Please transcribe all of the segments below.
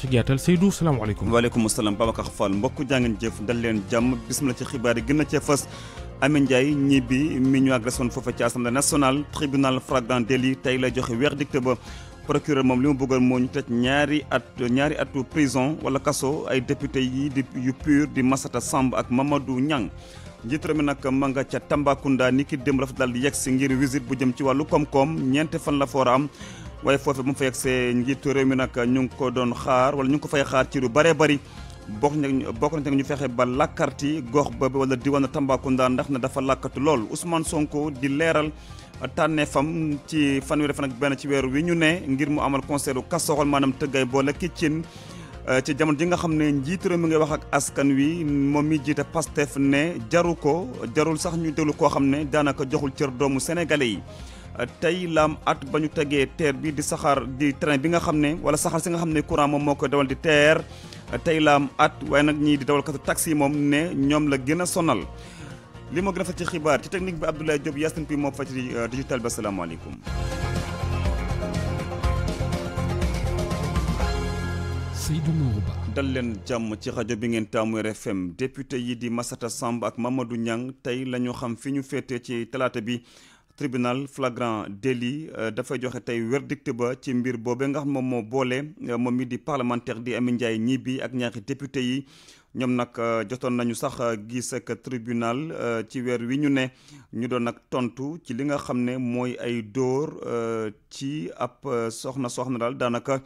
ci gàttal Seydou salaamaaleykum. waaleykum salaam Babacar Fall mbokk jàngeen jëf dal leen jàmm bisimilah ci xibaar yi gën a cee fas. Amy Ndiaye ñibbi mi ñu agressé woon foofa ci assemblée nationale tribunal flagrant délit tey la joxe verdict ba. procureur moom li mu bëggoon moo ñu tëj ñaari at ñaari atu prison wala kaso ay député yi di yu PUR di Massata Samb ak mamadu ñan njiit mi nag ma nga ca Tambacounda ni ki dem rafet daal di yegg si ngir visite bu jëm ci wàllu koom-koom fan la foora waaye foofee ba mu fa yegsee njiitu réew mi nag ñu ngi ko doon xaar wala ñu ngi ko fay xaar ci lu bëree bari bokk na bokk na ñu fexe ba lakkarti gox ba wala diwaanu Tambacounda ndax na dafa lakkatu lool Ousmane Sonko di leeral tànnee fam ci fanweeri fan ak benn ci weer wi ñu ne ngir mu amal concert u kasoxol maanaam tëggay boole kiccin euh, ci jamono ji nga xam ne njiitu réew mi ngay wax ak askan wi moom mi jiite Pastef ne jaru ko jarul sax ñu déglu koo xam ne daanaka joxul cër doomu sénégalais yi tey laam at ba ñu tegee TER bi di saxaar di train bi nga xam ne wala saxaar si nga xam ne courant moom moo koy dawal di teer tey laam at waaye nag ñii di dawal dawalkatu taxi moom ne ñoom la gën a sonal li moo gën a fa ci xibaar ci technique bi Abdoulaye Diop Yacine Pi moo fa ci euh, digital bi asalaamaaleykum. Seydou Nourou dal leen jàmm ci rajo bi ngeen taamu RFM député yi di masata Samb ak Mamadou Niang tey la xam fi ñu féete ci talaata bi. tribunal flagrant délit euh, dafay joxe tey verdict ba ci mbir boobe nga xam moom moo boole euh, moom mi di parlementaire di Amy Ndiaye Gniby ak ñaari député yi ñoom nag euh, jotoon nañu sax gis ak tribunal ci weer wi ñu ne ñu doon nag tontu ci li nga xam ne mooy ay dóor ci ab soxna soxna daal daanaka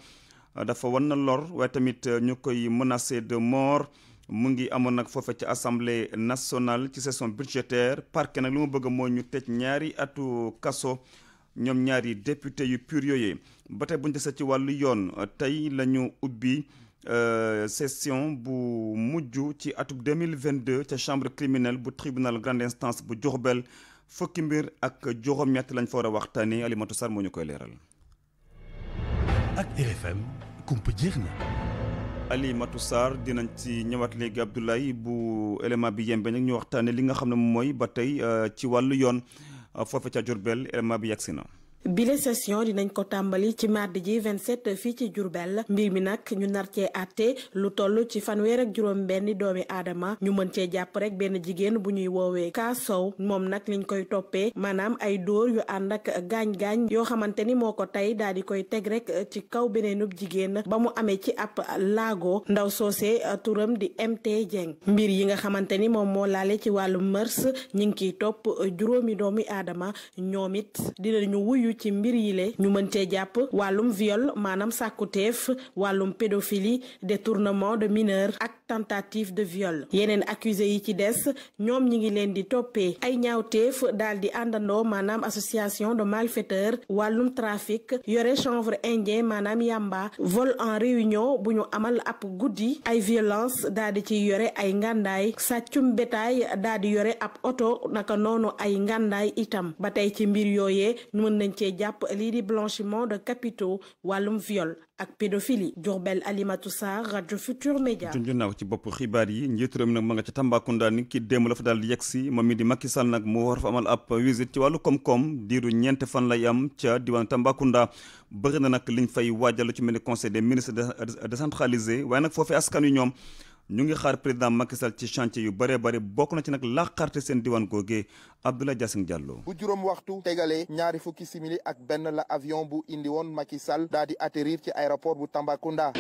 dafa wan na lor waaye tamit ñu koy menacé de mort. mu ngi amoon nag foofe ci assemblée nationale ci session budgétaire parquet nag lu mu bëgg moo ñu tëj ñaari atu kaso ñoom ñaari député yu pur yooyee ba tey buñ ñu desee ci wàllu yoon tey la ñu ubbi euh, session bu mujj ci atub 2022 ca chambre criminelle bu tribunal grande instance bu Diourbel fukki mbir ak juróom-ñett lañ fa war a waxtaanee Alimatou sar moo ñu koy leeral. ak RFM kumpa jeex na. Alimatu Sarr dinañ ci ñëwaat léegi Abdoulaye bu élément bi yembe nag ñu waxtaane li nga xam ne mooy ba tey euh, ci wàllu yoon euh, foofe ca Diourbel élément bi yegsi na bile session dinañ ko tàmbali ci mardi ji 27 fii ci Diourbel mbir mi nag ñu nar cee àtte lu toll ci fanweer juróom-benni doomi aadama ñu mën cee jàpp rek benn jigéen bu ñuy woowee kaa Sow moom nag liñ koy toppee maanaam ay dóor yu ànd ak gaañ-gaañ yoo xamante ni moo ko tey daal di koy teg rek ci kaw beneenub jigéen ba mu amee ci ab laago ndaw soose uh, turam di MT Dieng mbir yi nga xamante ni moom moo laalee ci wàllu mërs ñi ngi kiy topp uh, juróomi doomi aadama aju ci mbir yile ñu mën cee jàpp wàllum viol maanaam sàkkuteef wàllum pédophilie détournement de mineur ak tentative de viol yeneen accusé yi ci des ñoom ñi ngi leen di toppee ay ñaawteef daal di àndandoo maanaam association de malfaiteurs wàllum trafic yore chanvre indien maanaam yamba vol en réunion bu ñu amal ab guddi ay violence daal di ci yore ay ngandaay sàccum bétail daal di yore ab oto naka noonu ay ngandaay itam ba ci mbir yooyee mën nañ ci cee jàpp lii di blanchiment de capitaux wàllum viol ak pédophilie Diourbel Alimatou Sarr rajo Futur Média. junjoon naa ko ci bopp xibaar yi njiitu réew mi nag ma nga ca Tambacounda ni kii dem la fa daal di yegg si moom mi di Macky Sall nag mu war fa amal ab visite ci wàllu koom-koom diiru ñeenti fan lay am ca diwaan Tambacounda bëri na nag liñ fay waajal la ci mel ni conseil des ministres décentralisé waaye nag foofee askan wi ñoom. ñu ngi xaar président Macky Sall ci chantier yu bëree bëri bokk na ci nag laqarte seen diwaan googee Abdoulaye Diassine Diallo. bu juróom waxtu tegalee ñaari fukki simili ak benn la avion bu indi woon Macky Sall daa di atterrir ci aéroport bu Tambacounda.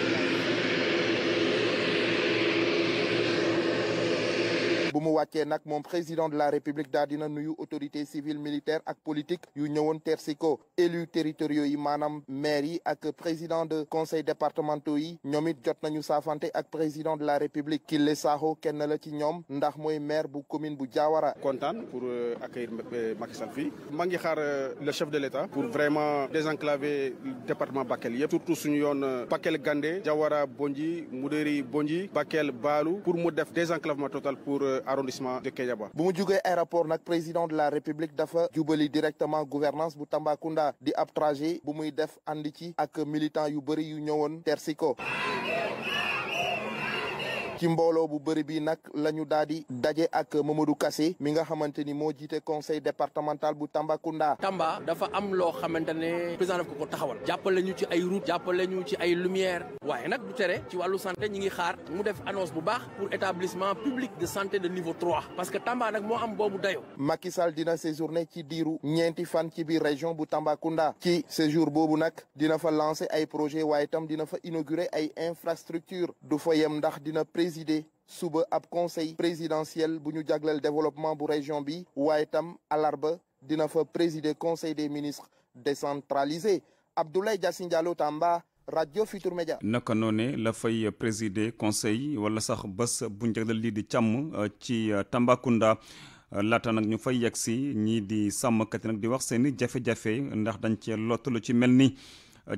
bu mu wàccee nag moom président de la république daal dina nuyu autorité civile militaire ak politique yu ñëwoon tersi ko élus territoriaux yi maanaam maire yi ak président de conseil départementaux yi ñoom it jot nañu saafante ak président de la république Kile Sakho kenn la ci ñoom ndax mooy maire bu commune bu jaawara kontaan pour euh, accueillir euh, Macky Sall fii maa ngi xaar euh, le chef de l'état pour vraiment désenclaver département Bakel yëpp surtout suñu yoon Bakel gande Diawara Bondji Moudéri Bondji Bakel Baalu pour mu def désenclavement total arrondissement de Kédiaba bu mu jugee aéroport nag président de la république dafa jubali directement gouvernance bu Tambacounda di ab trajet bu muy def andi ci ak militant yu bëri yu ñëwoon tersiko ci mbooloo bu bëri bi nag la ñu daal di daje ak Mamadou Kassé mi nga xamante ni moo jiite conseil départemental bu Tambacounda. Tamba dafa am loo xamante ne président ko ko taxawal jàppale ñu ci ay route jàppale ñu ci ay lumière waaye nag du tere ci wàllu santé ñi ngi xaar mu def annonce bu baax pour établissement public de santé de niveau trois parce que Tamba nak moo am boobu dayo Macky Sall dina séjourné ci diiru ñeenti fan ci biir région bu Tambacounda ci séjour boobu nag dina fa lancer ay projet waaye tam dina fa inaugurer ay infrastructure présider suba ab conseil présidentiel bu ñu jagleel développement bu région bi waaye tam alarba dina fa présider conseil des ministres décentralisé Abdoulaye Diassine Diallo Tamba radio Futur Média. naka noone la fay présider conseil wala sax bés bu ñu jagleel lii di càmm euh, ci euh, Tambacounda. Euh, lata nag ñu fay yegg si ñii di sàmmkat yi nag di wax seen i jafe-jafe ndax dañ cee lott ci mel ni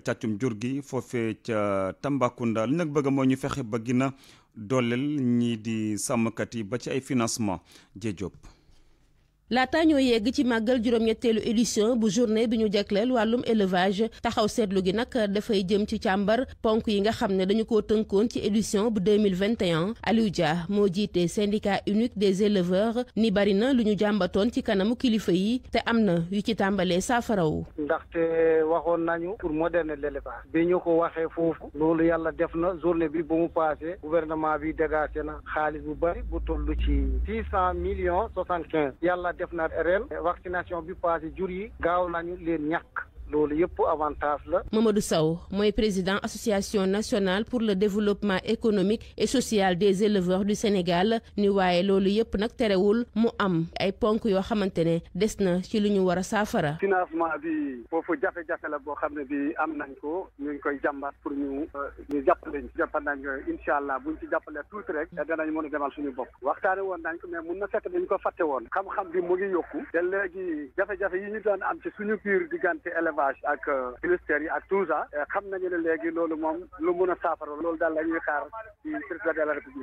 càccum jur gi foofee ca Tambacounda li nag bëgg moo ñu fexe ba gina dooleel ñii di sàmmkat yi ba ci ay financement jee Diop laata ñoo yegg ci màggal juróom-ñetteelu édition bu journée bi ñu jagleel wàllum élevage taxaw seetlu gi nag dafay jëm ci càmbar ponk yi nga xam ne dañu ko tënkoon ci édition bu 2021 Aliou Dia moo jiite syndicat unique des éleveurs ni bari na lu ñu jàmbatoon ci kanamu kilifa yi te am na yu ci tàmbalee saafarawu ndaxte waxoon nañu pour moderne l'élevage bi ñu ko waxee foofu loolu yàlla def na journée bi bu mu passé gouvernement bi dégagé na xaalis bu bari bu toll ci def na ren vaccination bi passé jur yi gaaw nañu leen ñàkk loolu yëpp avantage la. Mamadou Sow mooy président association nationale pour le développement économique et social des éleveurs du Sénégal ni waaye loolu yëpp nag terewul mu am ay ponk yoo xamante ne des na ci lu ñu war a saafara. financement bi foofu jafe-jafe la boo xam ne bi am nañ ko ñu koy jàmbat pour ñu euh, ñu jàppale ñu jàppal nañ incha allah buñ ci jàppalee tuuti rek eh, danañ mën a demal suñu bopp waxtaane woon nañ ko mais mun na fekk dañ ko fàtte woon xam-xam bi mu ngi yokku élevage ak euh, ministère yi ak tout ça euh, xam nañu ne léegi loolu moom lu mun a saafara loolu daal la ñuy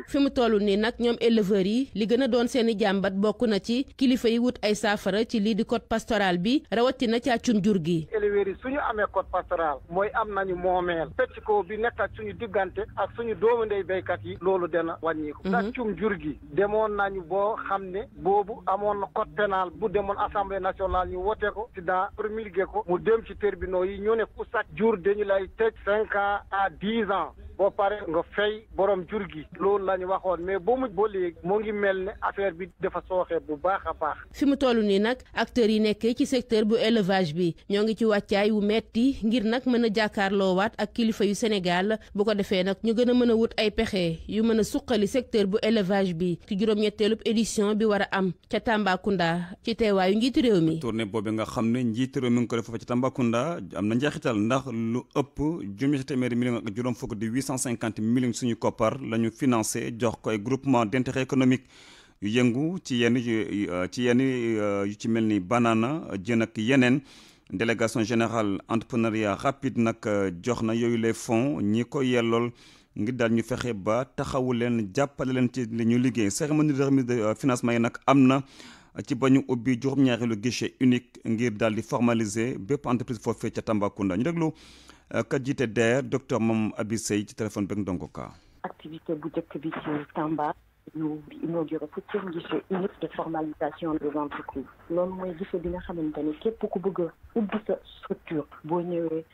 fi mu toll nii nag ñoom éleveurs yi li gën a doon seen i jàmbat bokk na ci kilifa yi wut ay saafara ci lii di code pastoral bi rawatina càccum jur gi éleveurs yi suñu amee code pastoral mooy am nañu moomeel peccikoo bi nekk suñu diggante ak suñu doomu ndey béykat yi loolu de na wàññiku càccum mhm. jur gi demoon nañu boo xam ne boobu amoon na code pénal bu demoon assemblée nationale ñu wote ko si daa promulgué ko mu dem dem ci tribunaux yi ñoo ne ku sàcc jur dañu lay tëj cinq ans à dix ans boo pare nga fay borom jur gi loolu la ñu waxoon mais boo mujj boo léegi moo ngi mel ne affaire bi dafa sooxee bu baax a baax. fi mu toll nii nag acteurs yi nekkee ci secteur bu élevage bi ñoo ngi ci wàccaay wu metti ngir nag mën a waat ak kilifa yu Sénégal bu ko defee nag ñu gën a mën a wut ay pexe yu mën a suqali secteur bu élevage bi ci juróom-ñetteelub édition bi war a am ca Tambacounda ci teewaayu njiitu réew mi. tournée boobu nga xam ne njiitu réew mi ngi ci Tambacounda am na njeexital ndax lu ëpp juróom-ñetti téeméeri juróom fukk cent cinquante millions suñu koppar la ñu financé jox koy groupement d' intérêt économique yëngu ci yenn euh, ci yenn euh, yu ci mel ni banaana jën ak yeneen délégation général entrepreneuriat rapide nag euh, jox na yooyu les fonds ñi ko yellool ngir daal ñu fexe ba taxawu leen jàppale leen ci li liggéey cérémonie de remise de financement yi nag am na ci ba ñu ubbi juróom-ñaareelu guichet unique ngir daal di formaliser bépp entreprise foofee ca Tambacounda ñu déglu ka jiite DER docteur Mame Abi Seye ci téléphone beeg ndongo ka activité bu njëkk bi ci Tamba ñu inauguré septième guichet unique de formalisation des entreprises loolu mooy guichet bi nga xamante ni képp ku bëgg ubbi sa structure boo ñëwee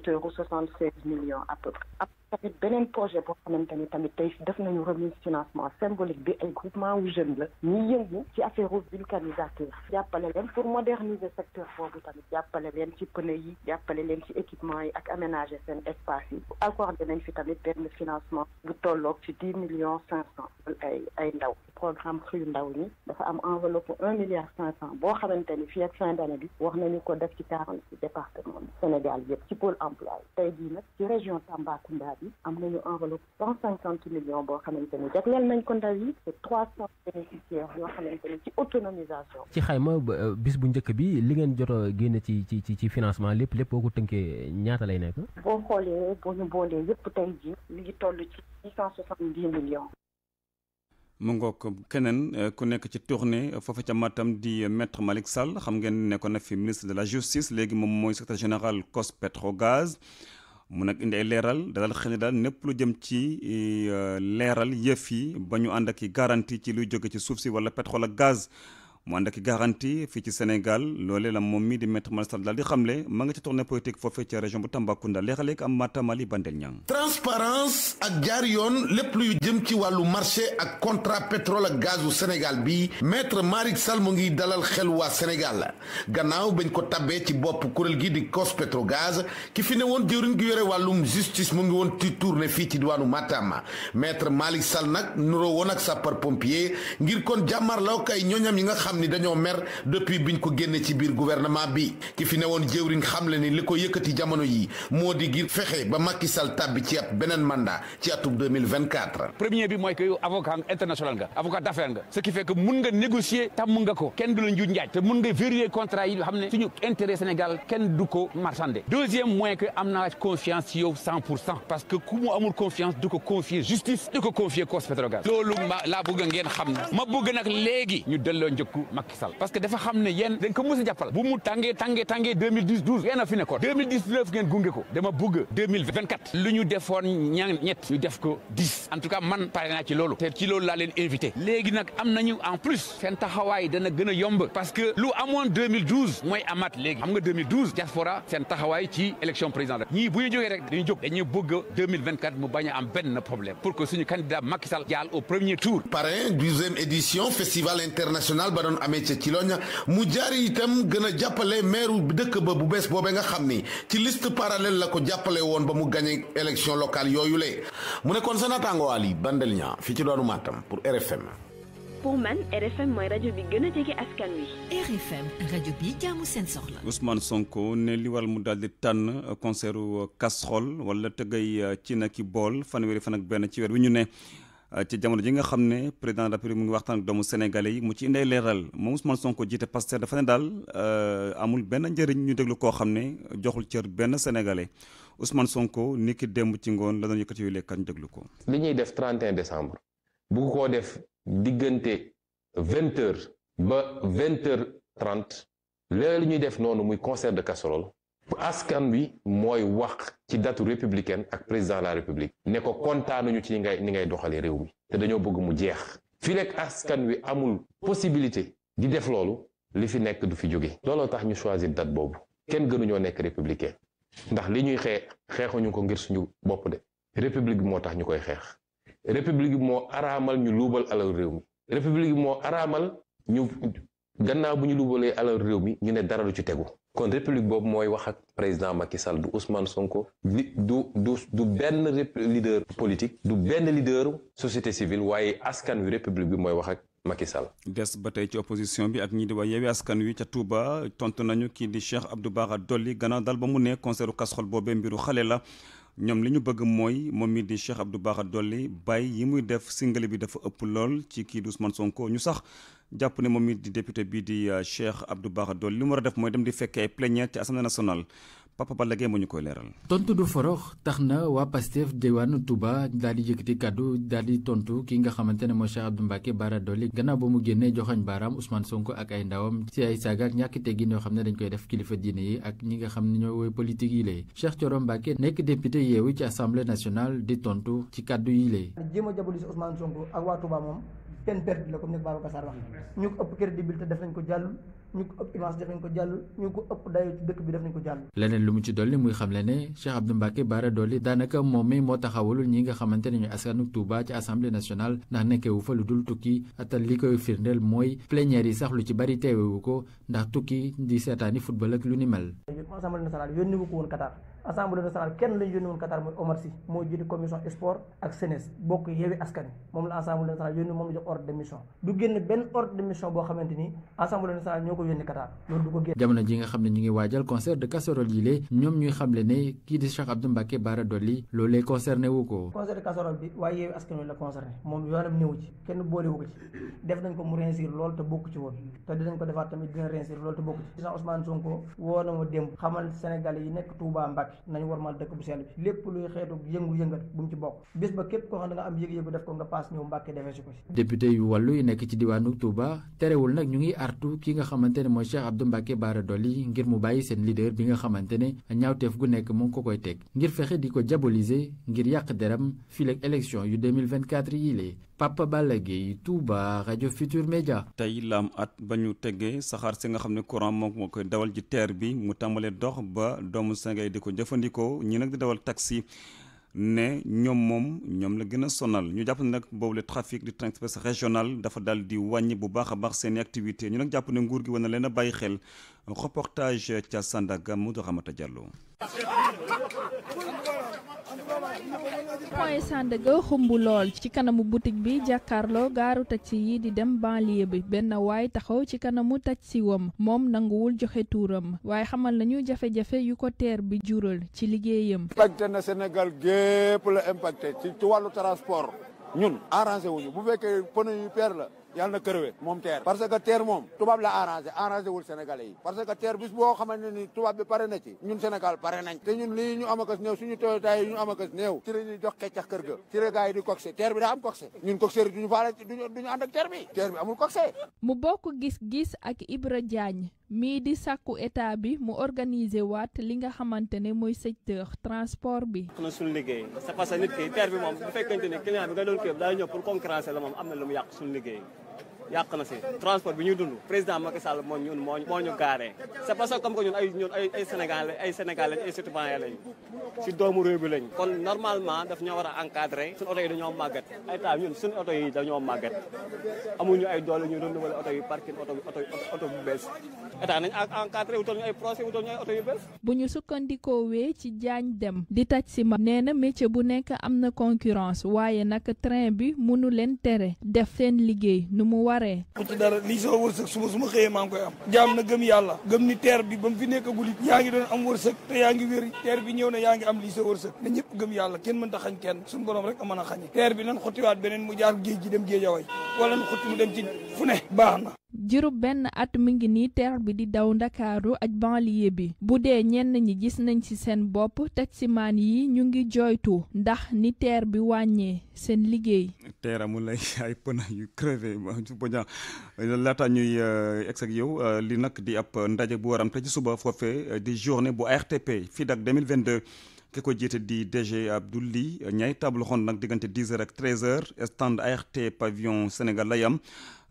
hauteur u soixante seize millions à peu tamit beneen projet boo xamante ni tamit tey def nañu remise financement symbolique bi ay groupement wu jeunes la ñuy yëngu ci affaire vulcanisateur jàppale leen pour moderniser secteur boobu tamit jàppale leen ci pneu yi jàppale leen ci équipement yi ak aménager seen espace yi accordé nañ fi tamit benn financement bu tolloog ci dix millions cinq cent ay ay ndaw programme xëyu ndaw ñi dafa am enveloppe un milliard cinq cent boo xamante ni fii ak fin d'année bi wax nañu ko def ci quarante six département Sénégal yëpp ci pôle emploi tey jii nag ci région Tambacounda yi am nañu enveloppe cent cinquante millions boo xamante ni jagleel nañ ko ndaw yi c'est trois cent bénéficiaires yoo xamante ni ci autonomisation ci xayma euh, bis bu njëkk bi li ngeen jot a génn ci ci ci financement lépp lépp boo ko tënkee ñaata lay nekk boo xoolee boo ñu boolee yëpp tey ji li ngi toll ci six mu ngoog keneen euh, ku nekk ci tournée foofu ca Matam di euh, maître Malick Sall xam ngeen nekkoon na fi ministre de la justice léegi moom mooy secrétaire général COS Petrogaz mun nag indi ay leeral dalal xel daal népp lu jëm ci e, leeral yëf yi ba ñu ànd ak i garantie ci luy jóge ci suuf si wala pétrole ak gaz mu ànd ak fii ci Sénégal loole la moom mi di maître Malick Sall daal di xamle ma nga ci tournée politique foofee ca région bu Tambacounda léeg-léeg am matamali bandel ñang transparence ak jaar yoon lépp lu luy jëm ci wàllu marché ak contra pétrole ak gazu Sénégal bi maître Malick Sall mu ngi dalal xel waa Sénégal gannaaw bañ ko tabbee ci bopp kuréel gi di COS-Pétrogaz ki fi ne woon jëwriñ gi yore wàllum justice mu ngi woon ci tournée fii ci diwaanu Matam maître Malick Sall nag nuroo woon ak sapeur pompier ngir xam ni dañoo mer depuis biñ ko génne ci biir gouvernement bi ki fi newoon jëwriñ xamle ni li ko yëkkati jamono yi moo di ngir fexe ba Macky Sall tàbbi ci ab beneen mandat ci atum premier bi mooy que yow avocat international nga avocat d'affaires nga ce qui fait mun nga négocier tam nga ko kenn du la njuuj njaaj te mun nga vérifier contrat yi xam ne suñu intérêt Sénégal kenn du ko marchandé deuxième mooy que am naa confiance yow 100 pour cent politique parce que dafa xam ne yéen dañ ko mos a bu mu tàngee tàngee tàngee 2010 a fi nekkoon 2019 gunge ko dama bëgg lu ñu defoon ñaan ñett ñu def ko 10 en tout cas man pare naa ci loolu te ci loolu laa leen invité léegi nag am nañu en plus seen taxawaay dana gën yomb parce que lu amoon 2012 mooy léegi xam nga 2012 ci élection présidentielle ñii bu ñu jógee rek dañuy jóg dañuy bëgg mu bañ am benn problème pour que suñu candidat Macky Sall jàll au premier doon amee ca Ciloñ mu jaari itam gën a jàppale maire bi dëkk ba bu bees boobee nga xam ni ci liste parallèle la ko jàppale woon ba mu gagné élection locale yooyu le mu nekkoon sa naataango yi Bandel ñaa fii ci doonu maatam pour RFM. pour man RFM mooy rajo bi gën jege askan wi. RFM rajo bi jaamu seen soxla. Ousmane Sonko ne li waral mu daal di tànn concert casserole wala tëggay euh, ci na ki bool fanweeri fan ak benn ci weer wi ñu ne. ci jamono ji nga xam ne président de mu ngi waxtaan ak doomu sénégalais yi mu ci indee leeral moom Ousmane Sonko jiite Pastef dafa ne daal euh, amul benn njëriñ ñu déglu koo xam ne joxul cër benn sénégalais Ousmane Sonko ni ki démb ci ngoon la doon yëkkati yu lekkat ñu déglu ko. li ñuy def 31 décembre bu ko def diggante vingt ba ba vingt heures trente léeg ñuy def noonu muy concert de casserole askan wi mooy wax ci datu républicaine ak président la république ne ko kontaanuñu ci ni ngay ni ngay doxalee réew mi te dañoo bëgg mu jeex fi lekk askan wi amul possibilité di def loolu li fi nekk du fi jóge looloo tax ñu choisir date boobu kenn gënuñoo nekk républicain ndax li ñuy xeex xeexuñu ko ngir suñu bopp de république moo tax ñu koy xeex république moo araamal ñu luubal alal réew mi république moo araamal ñu gannaaw bu ñu luubalee alal réew mi ñu ne dara du ci tegu kon république boobu mooy wax ak président Macky Sall du Ousmane Sonko du du du benn leader politique du benn leader société civile waaye askan wi république bi mooy wax ak Macky Sall. des ba tey ci opposition bi ak ñi di waa Yewwi Askan Wi ca Touba tontu nañu kii di Cheikh Abdou Bara Dolly gannaaw dal ba mu ne concert kasxol boobee mbiru xale la ñoom li ñu bëgg mooy moom mi di Cheikh Abdou Bara Dolly bàyyi yi muy def singali bi dafa ëpp lool ci kii di Ousmane Sonko ñu sax. jàpp ne moom it di député bii di euh, Cheikh Abdou Bara Dolly li mu war a def mooy dem di fekkee ay plénière ci assemblée nationale Papa Balla Gaye moo ñu koy leeral. tontu du forox tax na waa Pastef diwaanu Touba daal di yëkkati kàddu daal di tontu ki nga xamante ne moo Cheikh Abdou Mbacké Bara Dolly gannaaw ba mu génnee joxoñ baaraam Ousmane Sonko ak ay ndawam ci ay saaga ak ñàkk teggin yoo xam ne dañ koy def kilifa diine yi ak ñi nga xam ne ñoo woy politique yi lay Cheikh Thioro Mbacké nekk député yeewu ci assemblée nationale di tontu ci kàddu yi lay. peine perdue ko Babacar Sarr wax ñu ko ëpp crédibilité def nañ ko jàllul ñu def nañ ko jàllul ñu ko ëpp dayoo ci dëkk bi def nañ ko jàllul leneen lu mu ci dolli muy xam le ne Cheikh Abdou Mbacké Bara Dolly daanaka moom mi moo taxawalul ñi nga xamante ne ñooy askanu Touba ci assemblée nationale ndax nekkewu fa lu dul tukki atal li koy firndeel mooy plénière yi sax lu ci bari teewewu ko ndax tukki di seetaani football ak lu ni mel assemblée nationale kenn lañu yónni woon Qatar mooy Omar Sy moo commission sport ak CNES bokk yeewi askan moom la assemblée nationale yónni moom la jox ordre de du génn benn ordre de mission boo xamante ni assemblée nationale ñoo ko yónni Qatar loolu du ko génn. jamono ji nga xam ne ñu ngi waajal concert de casserole yi lée ñoom ñuy xamle ne kii di Cheikh Abdou Mbacké Bara Dolly loolee concerné wu ko. concert de casserole bi waaye yi nañ warmal dëkk bu sell bi lépp luy xeetu yëngu-yëngal xam ne nga am yëg-yëgu def ko nga paas ñëw Mbàkke defee si ko si député yu wàllu yi nekk ci diwaanu Touba terewul nag ñu ngi artu ki nga xamante ne mooy Cheikh Abdou Mbacke Bara Dolly ngir mu bàyyi seen leader bi nga xamante ne ñaawteef gu nekk mu ngi ko koy teg ngir fexe di ko diaboliser ngir yàq deram fileeg élection yu 2024 yii lee Papa Balla Gueye Touba rajo Futur Média tey la am at ba ñu tegee saxaar si nga xam ne courant moo koy dawal ji teer bi mu tàmbalee dox ba doomu Sénégal di ko jëfandikoo ñi nag di dawal taxi ne ñoom moom ñoom la gën a sonal ñu jàpp ne nag boobu le trafic du train express régional dafa dal di wàññi bu baax a baax seen activité ñu nag jàpp ne nguur gi war na leen bàyyi xel reportage ca Sandaga Modou xamata Diallo point Sandaga xumb lool ci kanamu boutique bi jàkkaarloo gaaru taxi yi di dem banlieue bi benn waay taxaw ci kanamu taxi wam moom nanguwul joxe tuuram waaye xamal nañu jafe-jafe yu ko teer bi jural ci liggéeyam. impacté na Sénégal gépp la impacté ci wàllu transport ñun arrangé bu fekkee pneu yu peer la. yàlla na kërëwe moom TER parce que TER moom tubaab la arrangé arrangé wul sénégalais yi parce que TER bis boo xamante te ñun ñu amakas néew suñu Toyota yi ñu amakas néew ci la ñuy jox keccax kër ga ci la gars yi di coxé TER bi daa am coxé ñun coxeur yi duñu faale duñu duñu ànd ak TER bi TER bi amul coxé mu bokk gis-gis ak Ibra Diagne mii di sàkku état bi mu organiser waat li nga xamante ne mooy secteur transport bi. na suñu liggéey c'est parce nit ki TER bi ne client bi la moom am na lu mu yàq suñu liggéey yàq na si transport bi ñuy dund président Macky Sall moo ñu moo moo ñu gaaree c'est parce que comme ñun ay ñun ay ay Sénégalais ay Sénégalais ay citoyens lañ si doomu réew bi lañ kon normalement daf ñoo war a encadrer suñu oto yi dañoo màggat amuñu ay doole ñu renouveler oto yi parking oto oto oto bu bees état bees bu ñu sukkandikoo ci jaañ dem di taj si ma nee na métier bu nekk am na concurrence waaye nag train bi mënu leen tere def seen liggéey nu mu war pare. ci dara lii sama wërsëg suba su xëyee maa ngi am jaam na gëm yàlla gëm ni teer bi ba mu fi nekkagul yaa ngi doon am wërsëg te yaa ngi wér teer bi ñëw na yaa ngi am lii sa wërsëg na ñëpp gëm yàlla kenn mën xañ kenn suñu borom rek a mën teer bi nan xottiwaat beneen mu jaar géej gi dem géejaway wala nu xotti mu dem ci fu ne na juróom benn at mi ngi nii teer bi di daw ndakaaru ak banlieue bi bu dee ñenn ñi gis nañ ci seen bopp taximaan yi ñu ngi jooytu ndax ni teer bi wàññee seen liggéey. teer amul ay ay pëna yu crevé laata ñuy euh, egg ak yow euh, li nag di ab ndaje bu waram te ci suba foofee euh, di journée bu ay ARTP fii dak 2022. ki ko jiite di DG Abdoulaye Ndiaye table ronde nag diggante 10 heures ak 13 heures stand ART pavillon Sénégal la yam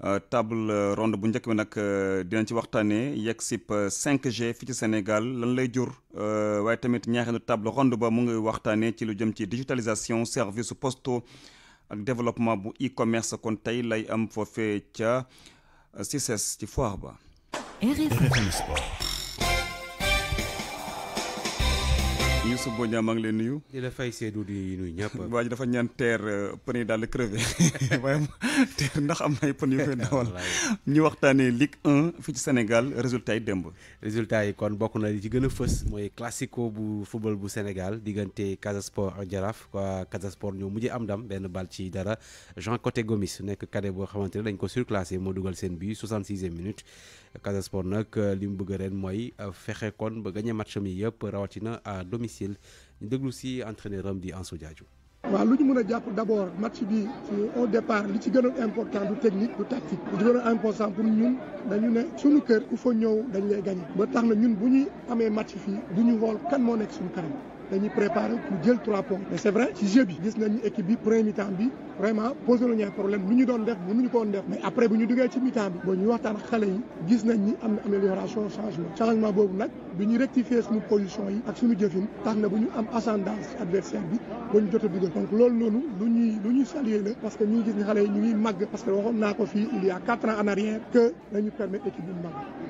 Euh, table euh, ronde bu njëkk bi nag euh, dinañ ci waxtaanee yegg sip 5G fii ci Sénégal lan lay jur waaye tamit ñaareelu table ronde ba mu ngi waxtaanee ci lu jëm ci digitalisation service postaux ak développement bu e-commerce kon tey lay am foofee ca CICES ci foire ba. Youssouf Boña maa ngi leen nuyu. di la fay Seydou di nuyu ñëpp. waa dafa ñaan teer euh, pën yi daal di crevé waaye teer ndax am na ay pën yu koy dawal. ñu waxtaanee Ligue 1 fii ci Sénégal résultat yi démb. résultat yi kon bokk na li ci gën a fës mooy classico bu football bu Sénégal diggante Casa Sport ak Jaraaf waa Casa Sport ñoo mujj am ndam benn bal ci dara Jean Coté Gomis nekk cadet boo xamante ne dañ ko surclassé moo dugal seen bii 66e minute. Casa Sport nag euh, li mu bëgg ren mooy euh, fexe kon ba gagné match mi yëpp rawatina à domicile ñu déglu si entraîneur am di Anso Diadio. waaw lu ñu mën a jàpp d' abord match bi au départ li ci gënoon important du technique du tactique li ci gënoon important pour ñun dañu ne suñu kër ku fa ñëw dañ lay gagné ba tax na ñun bu ñuy amee match fii du ñu xool kan moo nekk suñu kanam. dañuy préparé pour jël trois points mais c'est vrai ci jeu gis nañu équipe bi premier mi-temps vraiment posé nañu ay problème lu ñu doon def mënuñu ko woon def mais après bu ñu duggee ci mi-temps bi boo waxtaan ak xale yi gis nañ am amélioration changement changement boobu nag bi ñu rectifier suñu position yi ak suñu jëfin tax na bu ñu am ascendance adversaire bi ba ñu jot a dugal donc loolu noonu lu ñuy lu ñuy saluer la parce que ñu ngi gis ni xale yi ñu ngi màgg parce que waxoon naa ko fii il y a quatre ans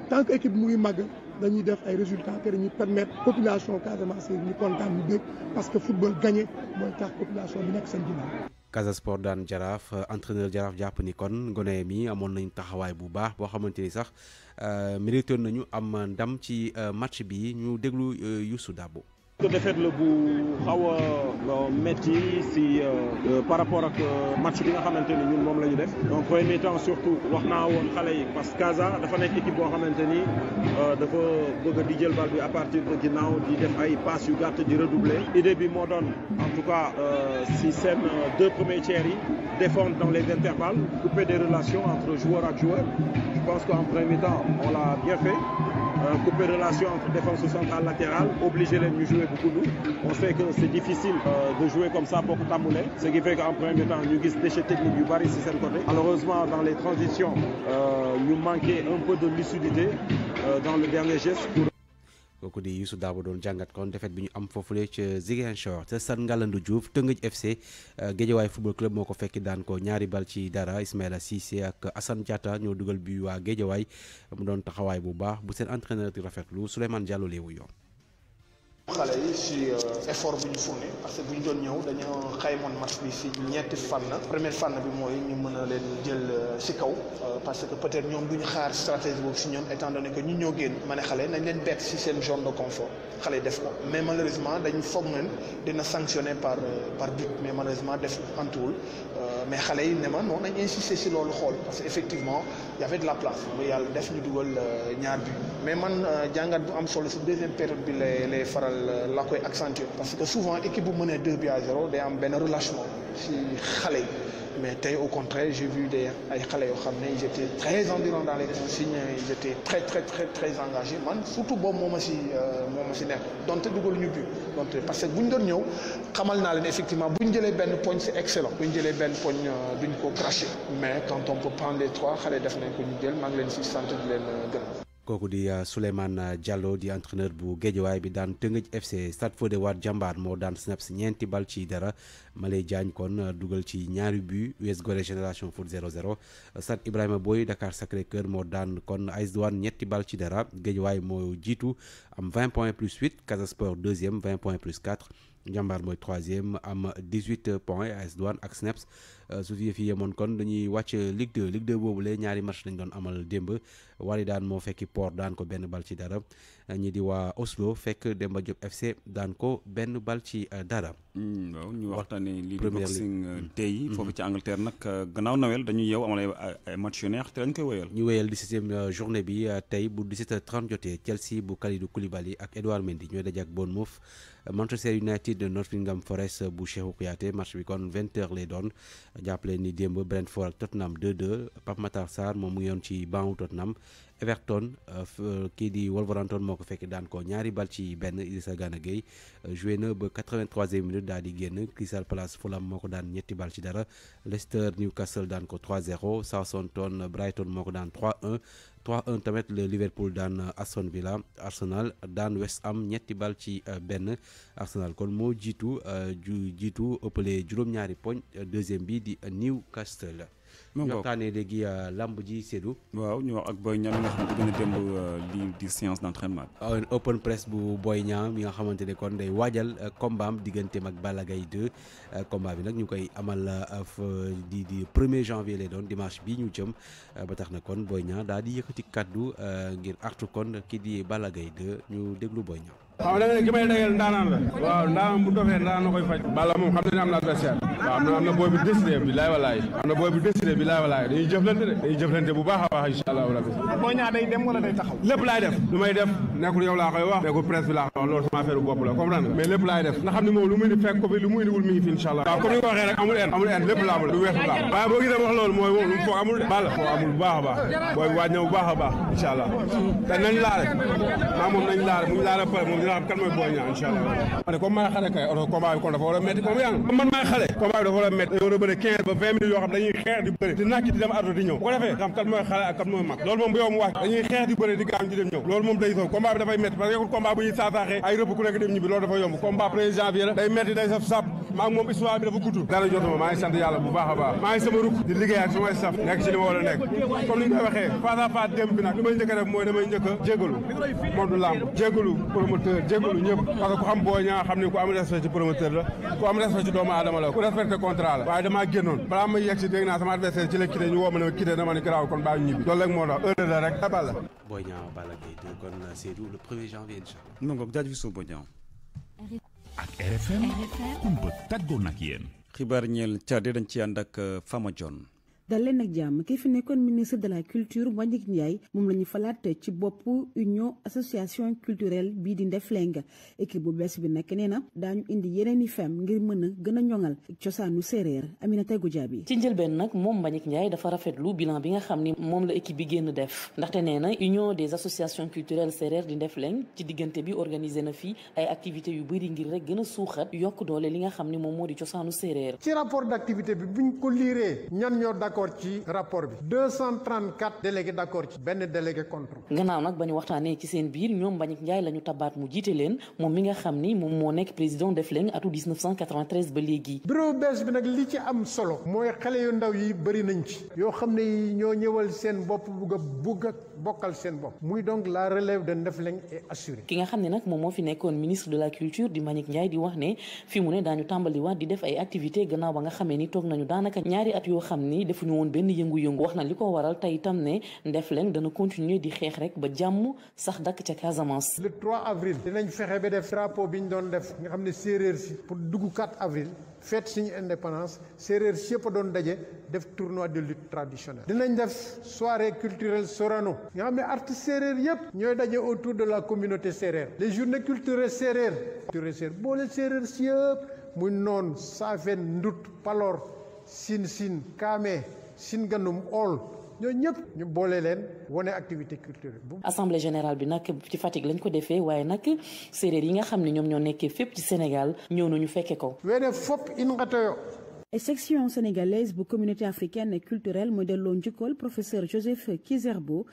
en dañuy def ay résultats te dañuy permettre population Casamance ñu kontaan ñu dégg parce que football gagné mooy tax population bi nekk seen ginnaaw. Casa Sport daan jaraaf entraîneur jaraaf jàpp ni kon gone mi amoon nañu taxawaay bu baax boo xamante ni sax euh, méritoon nañu am ndam ci euh, match bi ñu déglu euh, Youssou Dabo. defet la bu xaw a yi euh, si euh, euh, par rapport ak match bi nga xamante ni ñun moom la ñu def donc premier temps surtout wax naa woon xale yi parce que Casa dafa nekk équipe boo xamante ni dafa bëgg di jël bal bi à partir de ginnaaw di def ay passes yu gàtt di redoubler idée bi moo doon en tout cas si seen deux premiers tiers yi dans les intervalles couper des relations entre joueur ak joueur je pense qu'en premier temps on l'a bien fait Euh, couper relation entre défense centrale latérale obliger leen ñu jouer bu gudd on sait que c'est difficile euh, de jouer comme ça boo ko tàmmulee ce qui fait que en premier temps ñu gis déchet technique yu bari ci seen malheureusement dans les transitions euh, ñu manqué un peu de lucidité dans le dernier geste kooku di Youssou Dabo doon jàngat kon defet bi ñu am foofule ca Ziguinchor ngaland Stade Ngalandou Diouf Tëngëj FC euh, Guédiawaye football club moo ko fekki daan ko ñaari bal ci dara Ismaïla Cissé ak Assane Diatta ñoo dugal bi waa Guédiawaye mu doon taxawaay bu baax bu seen entraîneur di rafetlu Souleymane Diallo leewu yoon xale yi si euh, effort bu ñu fourni parce que bu ñu doon ñëw dañoo xaymoon match bi si ñetti fànn première fànn bi mooy ñu mën a leen jël si euh, kaw euh, parce que peut-être ñoom du ñu xaar stratégie boobu si ñoom étant donné que ñu ñoo génn ma ne xale nañ leen bett si seen zone de confort xale yi def ko mais malheureusement dañ foog nañ dina sanctionné par par but mais malheureusement def antuwul mais xale yi ne ma noonu nañ insister si loolu xool parce que y de la place mu yàlla def ñu dugal euh, ñaar bi mais man euh, jàngat bu am solo si deuxième période bi lay lay faral euh, laa koy accentuer parce que souvent équipe bu mënee deux bi à zéro day am benn relâchement si xale yi mais tey au contraire j'ai vu des ay xale yoo xam ne ils étaient très endurants dans les consignes ils étaient très très très man surtout boobu moo ma si euh, moo ma si nekk donte dugal ñu but donte parce que bu ñu doon ñëw xamal naa leen effectivement bu ñu jëlee benn poñ c'est excellent bu ñu jëlee benn poñ euh, duñ ko craché mais quand on peut prendre les trois xale def nañ ko ñu jël maa ngi leen si sant di leen euh, gën kooku di euh, Souleymane jallo euh, di entraîneur bu Guédiawaye bi daan Teungueth FC Stade Fodé Wade jàmbaar moo daan Snaps ñeenti bal ci dara Maley jaañ kon euh, dugal ci ñaari but US Gorée Génération Foot 0-0 Stade Ibrahima booy Dakar Sacré-Cœur moo daan kon AS Douanes ñetti bal ci dara Guédiawaye moo jiitu am 20 points plus 8 Casa deuxième 20 points plus 4 Njàmbaar mooy troisième am 18 points AS Douane ak SNEPS euh, su fi fi yemoon kon dañuy wàcc Ligue 2 Ligue 2 boobu lee ñaari match lañ doon amal démb wari daan moo fekki Port daan ko benn bal ci dara ñi di waa Oslo fekk Demba Diop FC daan ko benn bal ci euh, dara. Mm, waaw ñu waxtaanee lii di boxing euh, mm. tey mm-hmm. foofu ci Angleterre nag gannaaw nawel dañu yeew amal ay match yu neex te dañ koy wéyal. ñu wéyal 17e journée bi tey bu 17h30 jotee Chelsea bu Kalidou Koulibaly ak Edouard Mendy ñooy daje ak Bournemouth. Manchester United Nottingham Forest bu Cheikhou Kouyaté match bi kon 20h lay doon jàppale ni démb Brentford ak Tottenham 2-2 Pape Matar Sarr moom mu yoon ci banc Tottenham Everton euh, euh, kii di Wolverhampton moo ko fekk daan ko ñaari bal ci benn Idrissa Gana Gueye euh, joué na ba 83e daal di génn Crystal Palace Fulham moo ko daan ñetti bal ci dara Leicester Newcastle daan ko 3-0 Southampton Brighton moo ko daan 3-1 3-1 tamit le Liverpool daan Aston Villa Arsenal daan West am ñetti bal ci benn Arsenal kon moo jiitu ju jiitu ëppale juróom-ñaari poñ deuxième bi di Newcastle. waxtaanee léegi euh, lamb ji Seydou waaw ñu wax ak Boy Niang mi nga xam ne gën euh, lii di séance d'entraînement bi ah, open press bu Boy ñaam mi nga xamante ne kon day waajal euh, combat digganteem ak Balla Gaye 2 bi nag ñu koy amal di di premier janvier lay doon dimanche bi ñu jëm ba tax na kon Boy Niang daal di yëkkati kàddu ngir artu kon kii di Balla Gaye ñu déglu Boy Niang waaw da ne ki may ndaanaan la waaw ndaanaan bu dofee ndaanaan na koy faj Balla moom xam ne am na adversaire waaw am na na booy bu décidé bi laay walaay am na booy bu décidé bi laay walaay dañuy de dañuy jëflante bu baax a baax incha allahu rabbi boo ñaa dem wala day taxaw def lu may def nekkul yow laa koy wax nekkul presse bi laa koy wax loolu sama la comprendre mais lépp laay def nga xam ne moom lu mu indi fekk lu mu indi wul mi ngi fi incha allah amul en amul en lépp a a baax dina am kan mooy Boy Niang incha allah. ma ne comme maay xale kay oto combat bi kon dafa war a métti comme yaa ngi man maay xale combat bi dafa war a métti war a bëri quinze ba vingt minutes yoo xam dañuy xeex di bëri di nàcc di dem ardo di ñëw bu ko defee xam kan mooy xale ak kan mooy mag loolu moom bu yow mu wax dañuy xeex di bëri di gaañ di dem ñëw loolu moom day soof combat bi dafay métti parce que combat bu ñuy saasaaxee ay rëbb ku nekk dem ñibbi loolu dafa yomb combat président janvier la day métti day saf sap maa ngi moom histoire bi dafa gudd dara jotuma maa ngi sant yàlla bu baax a baax maa ngi sama rukk di liggéey ak sama staff nekk ci li ma war a nekk comme ni ñu koy waxee face à face démb bi nag li may njëkk a def mooy damay njëkk a jégalu moom du lamb jégalu promoteur jégalu ñëpp parce que ku xam Boy xam ne ku am respect ci promoteur la ku am respect ci doomu aadama la ku respecté contrat la waaye damaa génnoon balaa ma yegg si dégg naa sama adversaire ci la quitté ñu woo ma ne ma quitté na ma ne garaaw kon bàyyi ñibbi loolu rek moo tax heure la rek abal la Boy Niang Balla Gaye 2 kon Seydou le premier janvier incha allah mu ngoog jaajëf soo ak RFM kumba tàggoo nag yéen xibaar ñeel caade dañ ci ànd ak Fama John dal leen ak jàmm kii fi nekkoon ministre de la culture Mbagnick Ndiaye moom la ñu falaat ci bopp union association culturelle bii di Ndefleng équipe bu bees bi nekk nee na daañu indi yeneen i fem ngir mën a gën a ñoŋal cosaanu séeréer Aminata Goudiaby ci njëlbeen nag moom Mbagnick Ndiaye dafa rafetlu bilan bi nga xam ni moom la équipe bi génn def ndaxte nee na union des associations culturelles séeréer di Ndefleng ci diggante bi organisé na fii ay activités yu bëri ngir rek gën a suuxat yokk doole li nga xam ni moom moo di cosaanu séeréer d'accord ci rapport bi 234 délégués d'accord ba léegi. bureau bees bi nag li ci am solo. mooy xale yu ndaw yi bëri nañ ci. yoo xam ne yi ñoo ñëwal seen bopp bugg a bugg a bokkal seen bopp. muy donc la relève de Ndefleng est assurée. ki nga xam ne nag moom moo fi nekkoon ministre de la culture di Mbagnick Ndiaye di wax ne fi mu ne daañu tàmbaliwaat di def ay activités gannaaw ba nga xamee ni toog nañu daanaka ñaari at yoo xam ni defuñu gisuñu woon benn yëngu-yëngu wax na li ko waral tey itam ne def Ndefleng dana continuer di xeex rek ba jàmm sax dakk ca Casamance. le trois avril dinañ fexe ba def drapeau bi ñu doon def nga xam ne séeréer si pour dugg 4 avril fête suñu indépendance séeréer si yëpp a doon daje def tournoi de lutte traditionnelle. dinañ def soirée culturel Sorano nga xam ne artistes séeréer yëpp ñooy daje autour de la communauté séeréer les journées culturelles séeréer culturelles boole séeréer si yëpp muy noon saafen ndut palor sin Shinganum Hall ñoo ñëpp ñu boole leen wane activité culturelle bu assemblée générale bi nag ci Fatick lañ ko defee waaye nag séeréer yi nga xam ne ñoom ñoo nekkee fépp ci Sénégal ñëw ñu fekke ko weene fop in ngatoyo section sénégalaise bu communauté africaine et culturelle mooy delloo njukkool professeur Joseph Kizerbo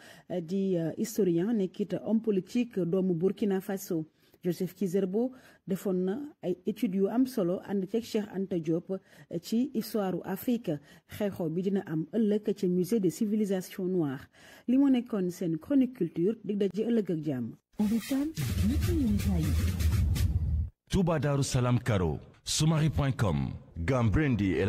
di euh, historien nekkit homme politique doomu Burkina Faso Joseph Kizerbo defoon na ay études yu am solo ànd ceeg Cheikh Anta Diop eh, ci histoire Afrique xew-xew bi dina am ëllëg ca musée des civilisations noires li mu nekkoon seen chronique culture dig daje ëllëg ak jàmm. Touba Darou Salam Karo. Soumari.com. Gambrendi et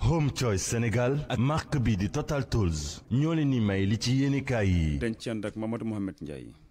Home Choice Sénégal ak marque bi di Total Tools ñoo leen ni may li ci yéenekaay yi. dañ ci ànd ak Mamadou Mohamed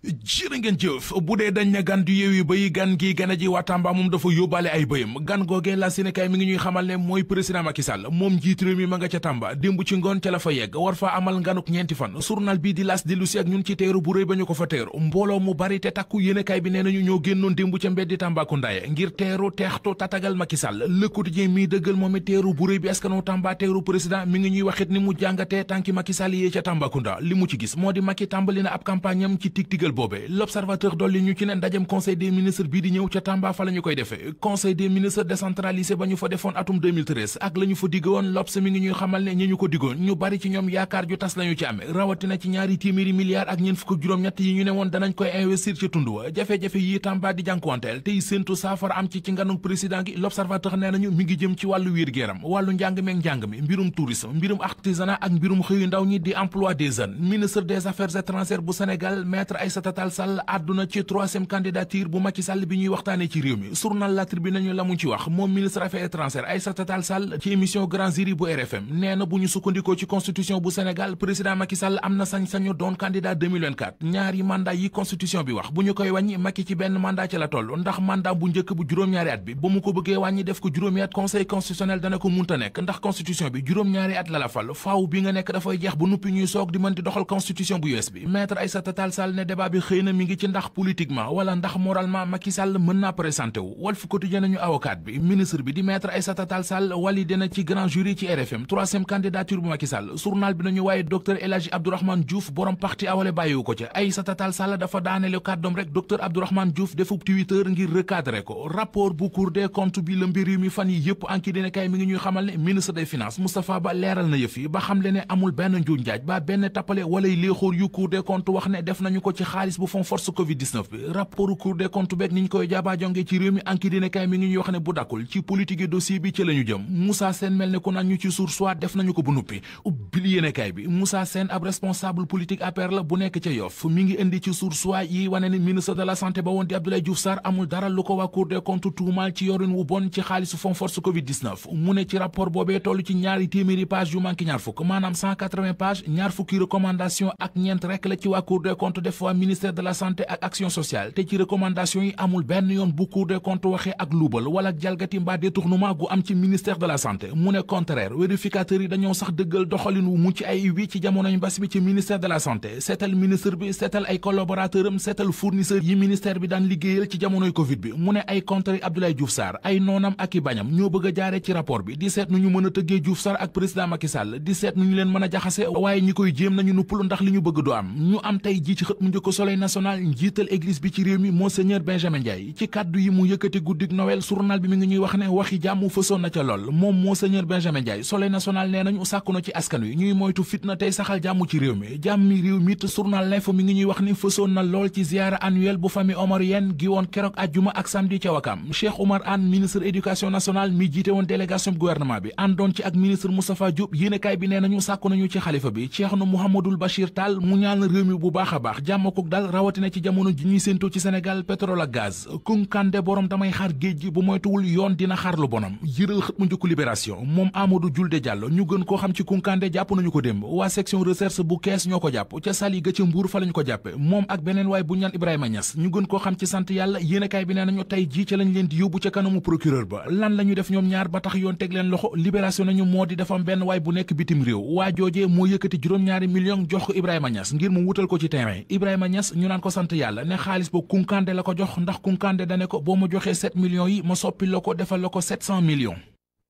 jërë ngeen jëf bu dee dañ na gan du yeewi bay gan gi gana waa Tamba moom dafa yóbbaale ay bëyam gan googee la Sénégal mi ngi ñuy xamal ne mooy président Macky Sall moom njiit réew mi ma nga ca Tamba démb ci ngoon ca la fa yegg war fa amal nganuk ñeenti fan journal bii di las di lu si ak ñun ci teeru bu rëy ba ñu ko fa teeru mbooloo mu bari te takku yéenekaay bi nee nañu ñoo génnoon démb ca mbeddi Tambacounda ya ngir teeru teextu tatagal Macky Sall Le bu rëy bi président mi ngi ñuy waxit ni jàngatee tànki Macky Sall yee ca Tambacounda li mu ci gis moo di Macky tàmbali na ab campagne am ci ndigal boobe l'observateur dolli ñu ci ne ndajem conseil des ministres di ñëw ca Tamba fa la koy defee conseil des ministres décentralisé ba ñu fa defoon atum 2013 ak Aïssata Tall Sall àdduna ci troisième candidature bu Macky Sall bi ñuy waxtaanee ci réew mi journal La Tribune nañu la mu ci wax moom ministre affaires étrangères Aïssata Tall Sall ci émission Grand Jury bu RFM nee na bu ñu sukkandikoo ci constitution bu Sénégal président Macky am na sañ-sañu doon candidat ñaari mandat yi constitution bi wax bu ñu koy wàññi Macky ci benn mandat ci la toll ndax mandat bu njëkk bu juróom-ñaari at bi ba mu ko bëggee wàññi def ko juróomi at conseil constitutionnel dana ko munta nekk ndax constitution bi juróom-ñaari at la la fal faaw bi nga di mën di doxal constitution bu bi combat bi xëy na mi ngi ci ndax politiquement wala ndax moralement Macky Sall mën naa présenté wu Walf Quotidien nañu avocat bi ministre bi di maître Aïssata Tall Sall wali dina ci grand jury ci RFM troisième candidature bu Macky Sall journal bi nañu waaye docteur El Hadji Abdourahmane Diouf borom parti awale bàyyiwu ko ca Aïssata Tall Sall dafa daaneelu kàddoom rek docteur Abdourahmane Diouf defub Twitter ngir recadrer ko rapport bu Cour des comptes bi lëmbi réew xaalis bu ab responsable politique APR bu nekk ca Yoff ngi indi ci suur soit yi wane ne ministre de la ba woon di Abdoulaye Diouf Sarr amul dara lu ko waa cour des tuumaal ci yorin wu bon ci xaalisu fond force covid mu ne ci rapport boobee toll ci ñaari téeméeri page yu manqué ñaar fukk maanaam 180 ñaar fukki recommandation ak ñeent rek ci waa cour des comptes def ministère de la santé ak action sociale te ci recommandation yi amul benn yoon bu cour des comptes waxee ak luubal wala jalgati mbaa détournement gu mu ne ay bi seetal ay collaborateurs am seetal fournisseurs yi ministère contre yi Abdoulaye Diouf ay noonam ak i bañam ñoo bëgg jaaree ci rapport bi di seet nu ñu mën tëggee Diouf Sarr ak président Macky di seet nu ñu leen mën a jaxase waaye ñi koy jéem nañu nuppul ndax li ñu bëgg du am ñu am tey ji xët mu njëkk soleil national njiital église bi ci réew mi monseigneur benjamin ndiaye ci kàddu yi mu yëkkati guddik noël journal bi mi ngi ñuy wax ne waxi jàmm fësoon na ca lool moom monseigneur benjamin ndiaye soleil national nee nañu sàkku na ci askan wi ñuy moytu fitna tey saxal jàmm ci réew mi jàmmi réew mi te journal l'info mi ngi ñuy wax ne fësoon na lool ci ziara annuelle bu famille omarienne gi woon keroog ajjuma ak samedi ca wakam cheikh oumar anne ministre éducation a baax jàmm ak dal rawatina ci jamono ji ñuy séentoo ci Sénégal pétrole ak gaz kunkande borom damay xaar géej gi bu moytuwul yoon dina xaar lu bonam yëral xët mu njëkku libération moom Amadou Julde Diallo ñu gën koo xam ci kunkande jàpp nañu ko démb waa section recherche bu kees ñoo ko jàpp ca sali ga ca mbuur fa lañu ko jàppe moom ak beneen waay bu ñaan Ibrahima Niass ñu gën koo xam ci sant yàlla yéenekaay bi nee nañu tey jii ca lañ leen di yóbbu ca kanamu procureur ba lan la ñu def ñoom ñaar ba tax yoon teg leen loxo libération nañu moo di dafa am benn waay nekk bitim waa joojee moo yëkkati juróom-ñaari million jox ko Ibrahima Niass ngir mu wutal ko ci terrain Ibrahima Niass ñu naan ko sant yàlla ne xaalis ba kunkande la ko jox ndax kunkande dane ko boo ma joxee 7 millions yi ma soppi la ko defal la ko 700 millions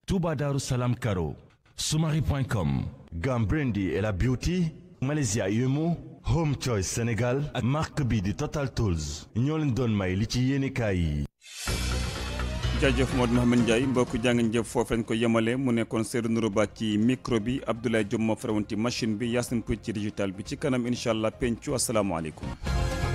Touba Darou Salam Karo Soumari.com Gambrendi et la beauty Malaysia Yumu Home Choice Sénégal ak marque bi di Total Tools ñoo leen doon may li ci yéenekaay yi jaajëf Modou Mouhamed Ndiaye mbokk jàngeen jëf foofu lañ ko yemale mu nekkoon Seydou Nourou Ba ci micro bi Abdoulaye Diop moo farewoon ci machine bi Yacine Pouy ci digital bi ci kanam incha allah pencu asalaamaaleykum